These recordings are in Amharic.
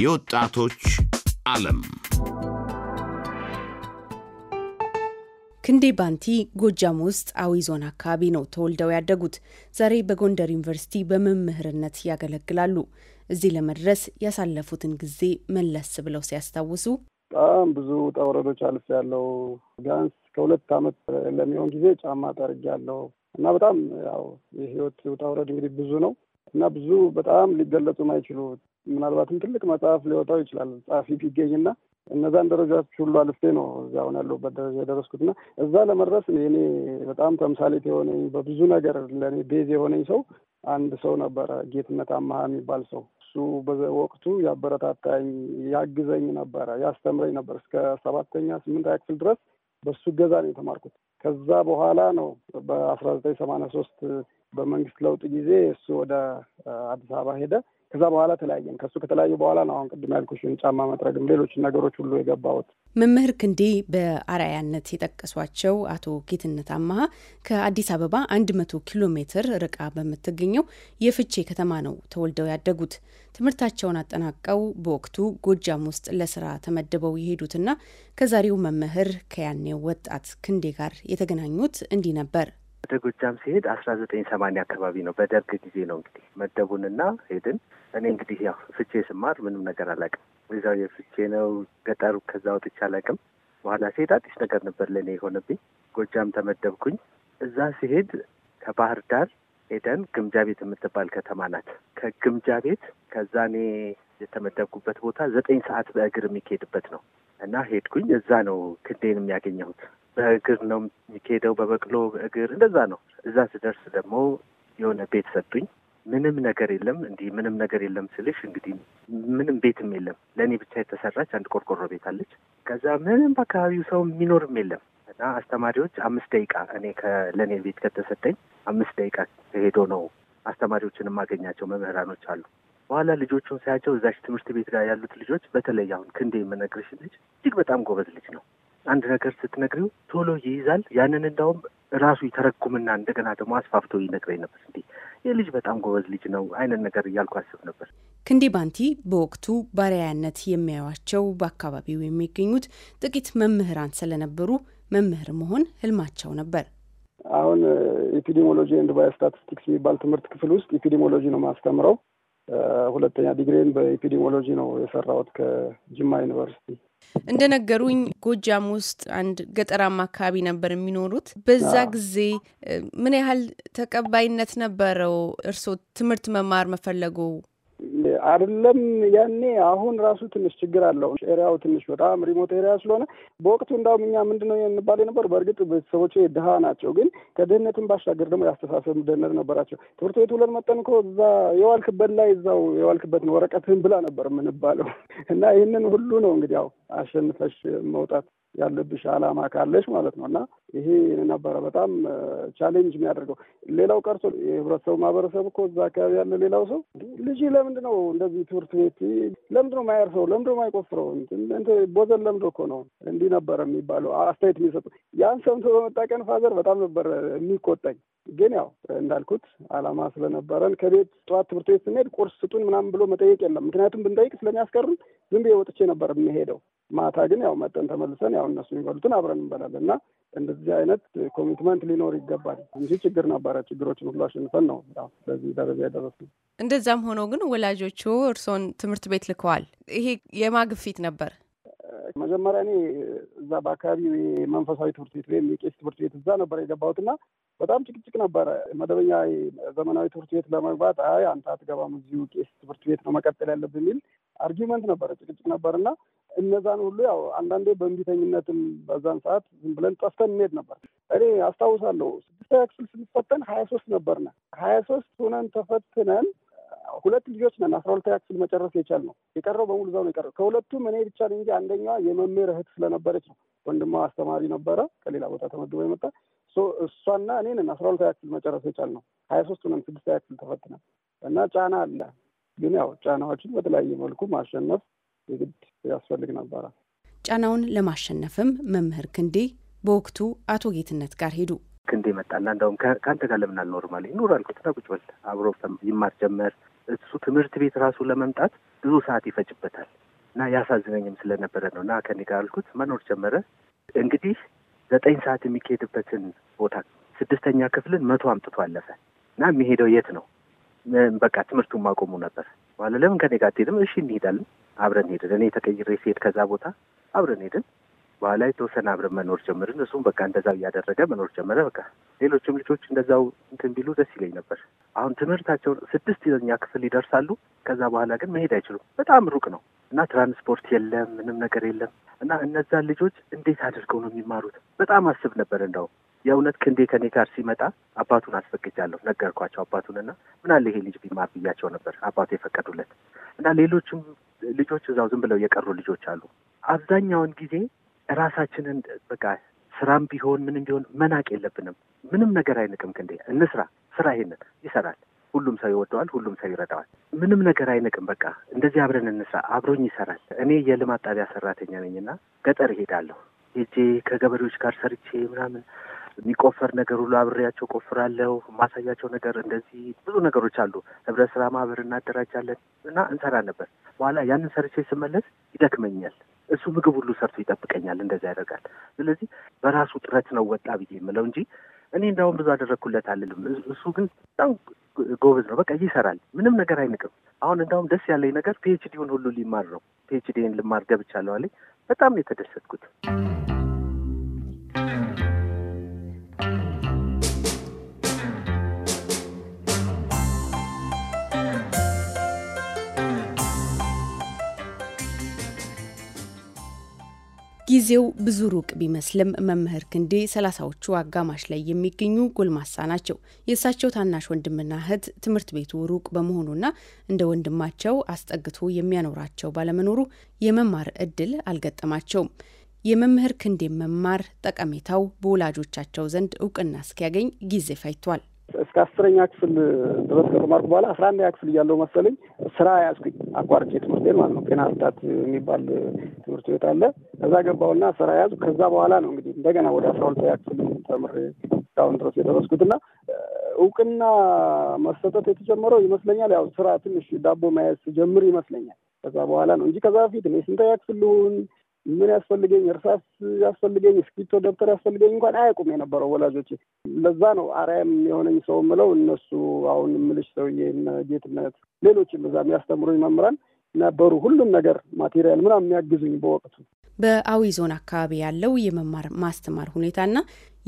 የወጣቶች ዓለም ክንዴ ባንቲ ጎጃም ውስጥ አዊ ዞን አካባቢ ነው ተወልደው ያደጉት። ዛሬ በጎንደር ዩኒቨርሲቲ በመምህርነት ያገለግላሉ። እዚህ ለመድረስ ያሳለፉትን ጊዜ መለስ ብለው ሲያስታውሱ በጣም ብዙ ውጣ ውረዶች አልፍ ያለው ቢያንስ ከሁለት ዓመት ለሚሆን ጊዜ ጫማ ጠርግ ያለው እና በጣም ያው የህይወት ውጣ ውረድ እንግዲህ ብዙ ነው እና ብዙ በጣም ሊገለጹ ማይችሉ ምናልባትም ትልቅ መጽሐፍ ሊወጣው ይችላል ጸሐፊ ቢገኝና እነዛን ደረጃዎች ሁሉ አልፌ ነው እዚህ ያለሁበት ደረጃ የደረስኩትና እዛ ለመድረስ እኔ በጣም ተምሳሌት የሆነኝ በብዙ ነገር ለእኔ ቤዝ የሆነኝ ሰው አንድ ሰው ነበረ፣ ጌትነት አመሃ የሚባል ሰው። እሱ በወቅቱ ያበረታታኝ፣ ያግዘኝ ነበረ፣ ያስተምረኝ ነበር። እስከ ሰባተኛ ስምንተኛ ክፍል ድረስ በሱ ገዛ ነው የተማርኩት። ከዛ በኋላ ነው በአስራ ዘጠኝ ሰማንያ ሶስት በመንግስት ለውጥ ጊዜ እሱ ወደ አዲስ አበባ ሄደ። ከዛ በኋላ ተለያየን። ከሱ ከተለያዩ በኋላ ነው አሁን ቅድም ያልኩሽን ጫማ መጥረግም ሌሎች ነገሮች ሁሉ የገባሁት። መምህር ክንዴ በአርአያነት የጠቀሷቸው አቶ ጌትነት አማሃ ከአዲስ አበባ 100 ኪሎ ሜትር ርቃ በምትገኘው የፍቼ ከተማ ነው ተወልደው ያደጉት። ትምህርታቸውን አጠናቀው በወቅቱ ጎጃም ውስጥ ለስራ ተመድበው የሄዱትና ከዛሬው መምህር ከያኔው ወጣት ክንዴ ጋር የተገናኙት እንዲህ ነበር። ወደ ጎጃም ሲሄድ አስራ ዘጠኝ ሰማንያ አካባቢ ነው። በደርግ ጊዜ ነው እንግዲህ መደቡንና ሄድን። እኔ እንግዲህ ያው ፍቼ ስማር ምንም ነገር አላውቅም። እዛው የፍቼ ነው ገጠሩ። ከዛ ወጥቼ አላውቅም። በኋላ ሲሄድ አዲስ ነገር ነበር ለእኔ የሆነብኝ። ጎጃም ተመደብኩኝ። እዛ ሲሄድ ከባህር ዳር ሄደን ግምጃ ቤት የምትባል ከተማ ናት። ከግምጃ ቤት ከዛ እኔ የተመደብኩበት ቦታ ዘጠኝ ሰዓት በእግር የሚካሄድበት ነው እና ሄድኩኝ። እዛ ነው ክንዴን የሚያገኘሁት በእግር ነው የሚካሄደው፣ በበቅሎ በእግር እንደዛ ነው። እዛ ስደርስ ደግሞ የሆነ ቤት ሰጡኝ። ምንም ነገር የለም። እንዲህ ምንም ነገር የለም ስልሽ እንግዲህ ምንም ቤትም የለም። ለእኔ ብቻ የተሰራች አንድ ቆርቆሮ ቤት አለች። ከዛ ምንም በአካባቢው ሰው የሚኖርም የለም እና አስተማሪዎች አምስት ደቂቃ እኔ ለእኔ ቤት ከተሰጠኝ አምስት ደቂቃ ሄዶ ነው አስተማሪዎችን የማገኛቸው። መምህራኖች አሉ። በኋላ ልጆቹን ሳያቸው እዛች ትምህርት ቤት ጋር ያሉት ልጆች በተለይ አሁን ክንዴ የምነግርሽ ልጅ እጅግ በጣም ጎበዝ ልጅ ነው። አንድ ነገር ስትነግሪው ቶሎ ይይዛል። ያንን እንዳውም ራሱ ይተረጉምና እንደገና ደግሞ አስፋፍቶ ይነግረኝ ነበር። እንዴ ይህ ልጅ በጣም ጎበዝ ልጅ ነው አይነት ነገር እያልኩ አስብ ነበር። ክንዴ ባንቲ በወቅቱ ባሪያነት የሚያዩቸው በአካባቢው የሚገኙት ጥቂት መምህራን ስለነበሩ መምህር መሆን ህልማቸው ነበር። አሁን ኢፒዲሞሎጂ ኤንድ ባዮ ስታቲስቲክስ የሚባል ትምህርት ክፍል ውስጥ ኢፒዲሞሎጂ ነው ማስተምረው። ሁለተኛ ዲግሪን በኢፒዲሞሎጂ ነው የሰራሁት ከጅማ ዩኒቨርሲቲ እንደነገሩኝ ጎጃም ውስጥ አንድ ገጠራማ አካባቢ ነበር የሚኖሩት። በዛ ጊዜ ምን ያህል ተቀባይነት ነበረው እርስዎ ትምህርት መማር መፈለጉ? አይደለም ያኔ አሁን ራሱ ትንሽ ችግር አለው። ኤሪያው ትንሽ በጣም ሪሞት ኤሪያ ስለሆነ በወቅቱ እንዳውም እኛ ምንድን ነው እንባል የነበሩ በእርግጥ ቤተሰቦች ድሃ ናቸው፣ ግን ከድህነትን ባሻገር ደግሞ ያስተሳሰብ ድህነት ነበራቸው። ትምህርት ቤት ውለን መጠን እኮ እዛ የዋልክበት ላይ እዛው የዋልክበትን ወረቀትህን ብላ ነበር የምንባለው እና ይህንን ሁሉ ነው እንግዲህ ያው አሸንፈሽ መውጣት ያለብሽ አላማ ካለሽ ማለት ነው እና ይሄ ነበረ በጣም ቻሌንጅ የሚያደርገው። ሌላው ቀርቶ የህብረተሰቡ ማህበረሰብ እኮ እዛ አካባቢ ያለ ሌላው ሰው ልጅ ለምንድ ነው እንደዚህ ትምህርት ቤት ለምንድን ነው የማያርሰው? ለምንድን ነው የማይቆፍረው? ቦዘን ለምዶ እኮ ነው እንዲህ ነበረ የሚባለው አስተያየት የሚሰጡ ያን ሰምቶ በመጣቀን ፋዘር በጣም ነበረ የሚቆጠኝ። ግን ያው እንዳልኩት አላማ ስለነበረን ከቤት ጠዋት ትምህርት ቤት ስንሄድ ቁርስ ስጡን ምናምን ብሎ መጠየቅ የለም። ምክንያቱም ብንጠይቅ ስለሚያስቀሩን ዝም ብዬ ወጥቼ ነበር የሚሄደው ማታ ግን ያው መጠን ተመልሰን ያው እነሱ የሚበሉትን አብረን እንበላለን እና እንደዚህ አይነት ኮሚትመንት ሊኖር ይገባል እንጂ ችግር ነበረ። ችግሮችን ሁሉ አሸንፈን ነው በዚህ ደረጃ የደረስነው። እንደዛም ሆኖ ግን ወላጆቹ እርስዎን ትምህርት ቤት ልከዋል። ይሄ የማግፊት ነበር። መጀመሪያ እኔ እዛ በአካባቢው መንፈሳዊ ትምህርት ቤት ወይም የቄስ ትምህርት ቤት እዛ ነበር የገባሁትና በጣም ጭቅጭቅ ነበረ። መደበኛ ዘመናዊ ትምህርት ቤት ለመግባት አይ አንተ አትገባም፣ እዚሁ ቄስ ትምህርት ቤት ነው መቀጠል ያለብህ የሚል አርጊመንት ነበረ፣ ጭቅጭቅ ነበር እና እነዛን ሁሉ ያው አንዳንዴ በእንቢተኝነትም በዛን ሰዓት ዝም ብለን ጠፍተን እንሄድ ነበር። እኔ አስታውሳለሁ ስድስተኛ ክፍል ስንፈተን ሀያ ሶስት ነበርነ ሀያ ሶስት ሆነን ተፈትነን ሁለት ልጆች ነን አስራ ሁለተኛ ክፍል መጨረስ የቻል ነው። የቀረው በሙሉ እዛው ነው የቀረው። ከሁለቱም እኔ ብቻ ነኝ እንጂ አንደኛዋ የመምህር እህት ስለነበረች ነው። ወንድሟ አስተማሪ ነበረ፣ ከሌላ ቦታ ተመድቦ የመጣ እሷና እኔ ነን አስራ ሁለተኛ ክፍል መጨረስ የቻል ነው። ሀያ ሶስት ሆነን ስድስተኛ ክፍል ተፈትነን እና ጫና አለ። ግን ያው ጫናዎችን በተለያየ መልኩ ማሸነፍ የግድ ያስፈልግ ነበረ። ጫናውን ለማሸነፍም መምህር ክንዴ በወቅቱ አቶ ጌትነት ጋር ሄዱ። ክንዴ መጣና እንደውም ከአንተ ጋር ለምን አልኖርም አለኝ። ኑር አልኩት እና ቁጭ በል አብሮ ይማር ጀመር። እሱ ትምህርት ቤት ራሱ ለመምጣት ብዙ ሰዓት ይፈጭበታል እና ያሳዝነኝም ስለነበረ ነው እና ከኔ ጋር አልኩት መኖር ጀመረ። እንግዲህ ዘጠኝ ሰዓት የሚካሄድበትን ቦታ ስድስተኛ ክፍልን መቶ አምጥቶ አለፈ እና የሚሄደው የት ነው? በቃ ትምህርቱን ማቆሙ ነበር። በኋላ ለምን ከኔ ጋር አትሄድም? እሺ እንሄዳለን አብረን ሄድን። እኔ ተቀይሬ ስሄድ ከዛ ቦታ አብረን ሄድን። በኋላ የተወሰነ አብረን መኖር ጀምርን። እሱም በቃ እንደዛው እያደረገ መኖር ጀመረ። በቃ ሌሎችም ልጆች እንደዛው እንትን ቢሉ ደስ ይለኝ ነበር። አሁን ትምህርታቸውን ስድስተኛ ክፍል ይደርሳሉ። ከዛ በኋላ ግን መሄድ አይችሉም። በጣም ሩቅ ነው እና ትራንስፖርት የለም፣ ምንም ነገር የለም። እና እነዛን ልጆች እንዴት አድርገው ነው የሚማሩት? በጣም አስብ ነበር እንደውም የእውነት ክንዴ ከኔ ጋር ሲመጣ አባቱን አስፈቅጃለሁ፣ ነገርኳቸው አባቱንና ምናለ ይሄ ልጅ ቢማር ብያቸው ነበር አባቱ የፈቀዱለት እና ሌሎችም ልጆች እዛው ዝም ብለው የቀሩ ልጆች አሉ። አብዛኛውን ጊዜ ራሳችንን በቃ ስራም ቢሆን ምንም ቢሆን መናቅ የለብንም። ምንም ነገር አይንቅም። ክንዴ እንስራ፣ ስራ ይሄንን ይሰራል። ሁሉም ሰው ይወደዋል። ሁሉም ሰው ይረዳዋል። ምንም ነገር አይንቅም። በቃ እንደዚህ አብረን እንስራ። አብሮኝ ይሰራል። እኔ የልማት ጣቢያ ሰራተኛ ነኝና ገጠር እሄዳለሁ። ሄጄ ከገበሬዎች ጋር ሰርቼ ምናምን የሚቆፈር ነገር ሁሉ አብሬያቸው ቆፍራለሁ። ማሳያቸው ነገር እንደዚህ ብዙ ነገሮች አሉ። ህብረት ስራ ማህበር እናደራጃለን እና እንሰራ ነበር። በኋላ ያንን ሰርቼ ስመለስ ይደክመኛል። እሱ ምግብ ሁሉ ሰርቶ ይጠብቀኛል፣ እንደዚህ ያደርጋል። ስለዚህ በራሱ ጥረት ነው ወጣ ብዬ የምለው እንጂ እኔ እንዳውም ብዙ አደረግኩለት አልልም። እሱ ግን በጣም ጎበዝ ነው። በቃ ይሰራል፣ ምንም ነገር አይንቅም። አሁን እንዳውም ደስ ያለኝ ነገር ፒኤችዲውን ሁሉ ሊማር ነው። ፒኤችዲን ልማር ገብቻለሁ አለኝ። በጣም የተደሰትኩት። ጊዜው ብዙ ሩቅ ቢመስልም መምህር ክንዴ ሰላሳዎቹ አጋማሽ ላይ የሚገኙ ጎልማሳ ናቸው። የእሳቸው ታናሽ ወንድምና እህት ትምህርት ቤቱ ሩቅ በመሆኑና እንደ ወንድማቸው አስጠግቶ የሚያኖራቸው ባለመኖሩ የመማር እድል አልገጠማቸውም። የመምህር ክንዴ መማር ጠቀሜታው በወላጆቻቸው ዘንድ እውቅና እስኪያገኝ ጊዜ ፈጅቷል። እስከ አስረኛ ክፍል ድረስ ከተማርኩ በኋላ አስራ አንደኛ ክፍል እያለው መሰለኝ ስራ ያዝኩኝ። አቋርጬ ትምህርቴን ማለት ነው። ጤና ስታት የሚባል ትምህርት ቤት አለ። ከዛ ገባሁና ስራ ያዝኩ። ከዛ በኋላ ነው እንግዲህ እንደገና ወደ አስራ ሁለተኛ ክፍል ተምሬ እስካሁን ድረስ የደረስኩትና እውቅና መሰጠት የተጀመረው ይመስለኛል ያው ስራ ትንሽ ዳቦ መያዝ ጀምር ይመስለኛል። ከዛ በኋላ ነው እንጂ ከዛ በፊት ስንተኛ ክፍል ልሁን ምን ያስፈልገኝ እርሳስ ያስፈልገኝ እስክሪብቶ ደብተር ያስፈልገኝ እንኳን አያውቁም የነበረው ወላጆች። ለዛ ነው አርአያም የሆነኝ ሰው ምለው እነሱ አሁን ምልሽ ሰውዬ ጌትነት፣ ሌሎችም እዛ የሚያስተምሩኝ መምህራን ነበሩ። ሁሉም ነገር ማቴሪያል ምናምን የሚያግዙኝ በወቅቱ። በአዊ ዞን አካባቢ ያለው የመማር ማስተማር ሁኔታና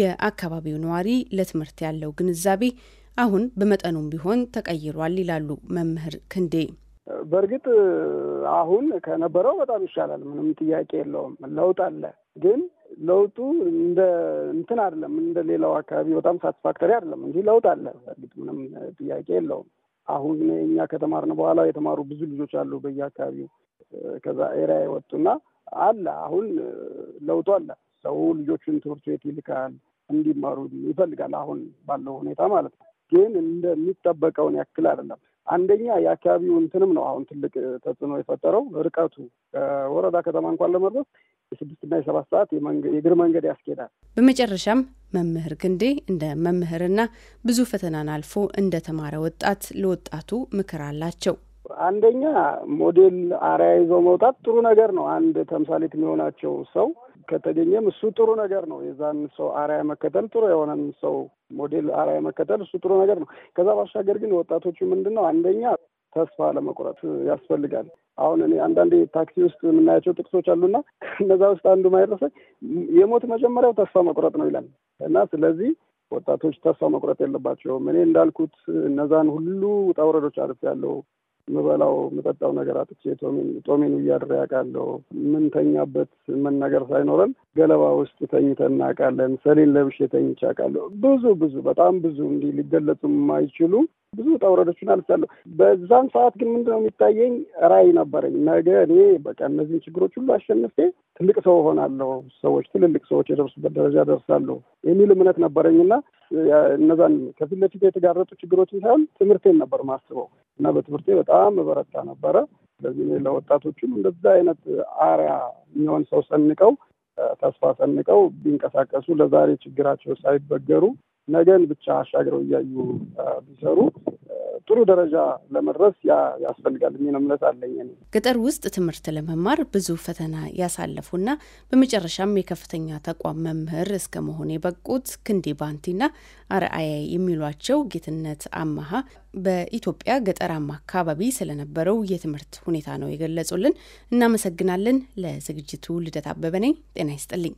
የአካባቢው ነዋሪ ለትምህርት ያለው ግንዛቤ አሁን በመጠኑም ቢሆን ተቀይሯል ይላሉ መምህር ክንዴ። በእርግጥ አሁን ከነበረው በጣም ይሻላል። ምንም ጥያቄ የለውም። ለውጥ አለ። ግን ለውጡ እንደ እንትን አይደለም፣ እንደ ሌላው አካባቢ በጣም ሳትስፋክተሪ አይደለም እንጂ ለውጥ አለ። በእርግጥ ምንም ጥያቄ የለውም። አሁን እኛ ከተማርን በኋላ የተማሩ ብዙ ልጆች አሉ በየአካባቢው ከዛ ኤሪያ የወጡና አለ። አሁን ለውጡ አለ። ሰው ልጆቹን ትምህርት ቤት ይልካል፣ እንዲማሩ ይፈልጋል። አሁን ባለው ሁኔታ ማለት ነው። ግን እንደሚጠበቀውን ያክል አይደለም። አንደኛ የአካባቢው እንትንም ነው አሁን ትልቅ ተጽዕኖ የፈጠረው ርቀቱ ከወረዳ ከተማ እንኳን ለመድረስ የስድስትና የሰባት ሰዓት የእግር መንገድ ያስኬዳል። በመጨረሻም መምህር ክንዴ እንደ መምህርና ብዙ ፈተናን አልፎ እንደ ተማረ ወጣት ለወጣቱ ምክር አላቸው። አንደኛ ሞዴል አርአያ ይዞ መውጣት ጥሩ ነገር ነው። አንድ ተምሳሌት የሚሆናቸው ሰው ከተገኘም እሱ ጥሩ ነገር ነው። የዛን ሰው አርያ መከተል ጥሩ የሆነን ሰው ሞዴል አርያ መከተል እሱ ጥሩ ነገር ነው። ከዛ ባሻገር ግን ወጣቶቹ ምንድን ነው አንደኛ ተስፋ ለመቁረጥ ያስፈልጋል። አሁን እኔ አንዳንዴ ታክሲ ውስጥ የምናያቸው ጥቅሶች አሉና እነዛ ውስጥ አንዱ ማይረሰኝ የሞት መጀመሪያው ተስፋ መቁረጥ ነው ይላል እና ስለዚህ ወጣቶች ተስፋ መቁረጥ የለባቸውም። እኔ እንዳልኩት እነዛን ሁሉ ውጣ ውረዶች ያለው ምበላው የምጠጣው ነገር አጥቼ ጦሜን እያድሬ አውቃለሁ። ምንተኛበት መናገር ሳይኖረን ገለባ ውስጥ ተኝተን እናውቃለን። ሰሌን ለብሼ ተኝቼ አውቃለሁ። ብዙ ብዙ በጣም ብዙ እንዲህ ሊገለጹ የማይችሉ ብዙ ውጣ ውረዶችን አልፌያለሁ። በዛም ሰዓት ግን ምንድነው የሚታየኝ ራዕይ ነበረኝ። ነገ እኔ በቃ እነዚህን ችግሮች ሁሉ አሸንፌ ትልቅ ሰው እሆናለሁ፣ ሰዎች ትልልቅ ሰዎች የደርሱበት ደረጃ ደርሳለሁ የሚል እምነት ነበረኝና እነዛን ከፊት ለፊት የተጋረጡ ችግሮችን ሳይሆን ትምህርቴን ነበር ማስበው። እና በትምህርቴ በጣም በረታ ነበረ። ስለዚህ ለወጣቶችም እንደዛ አይነት አሪያ የሚሆን ሰው ሰንቀው ተስፋ ሰንቀው ቢንቀሳቀሱ ለዛሬ ችግራቸው ሳይበገሩ ነገን ብቻ አሻግረው እያዩ ቢሰሩ ጥሩ ደረጃ ለመድረስ ያስፈልጋል የሚል እምነት አለኝ። ገጠር ውስጥ ትምህርት ለመማር ብዙ ፈተና ያሳለፉና በመጨረሻም የከፍተኛ ተቋም መምህር እስከ መሆን የበቁት ክንዴ ባንቲና አርአያ የሚሏቸው ጌትነት አማሃ በኢትዮጵያ ገጠራማ አካባቢ ስለነበረው የትምህርት ሁኔታ ነው የገለጹልን። እናመሰግናለን። ለዝግጅቱ ልደት አበበ ነኝ። ጤና ይስጥልኝ።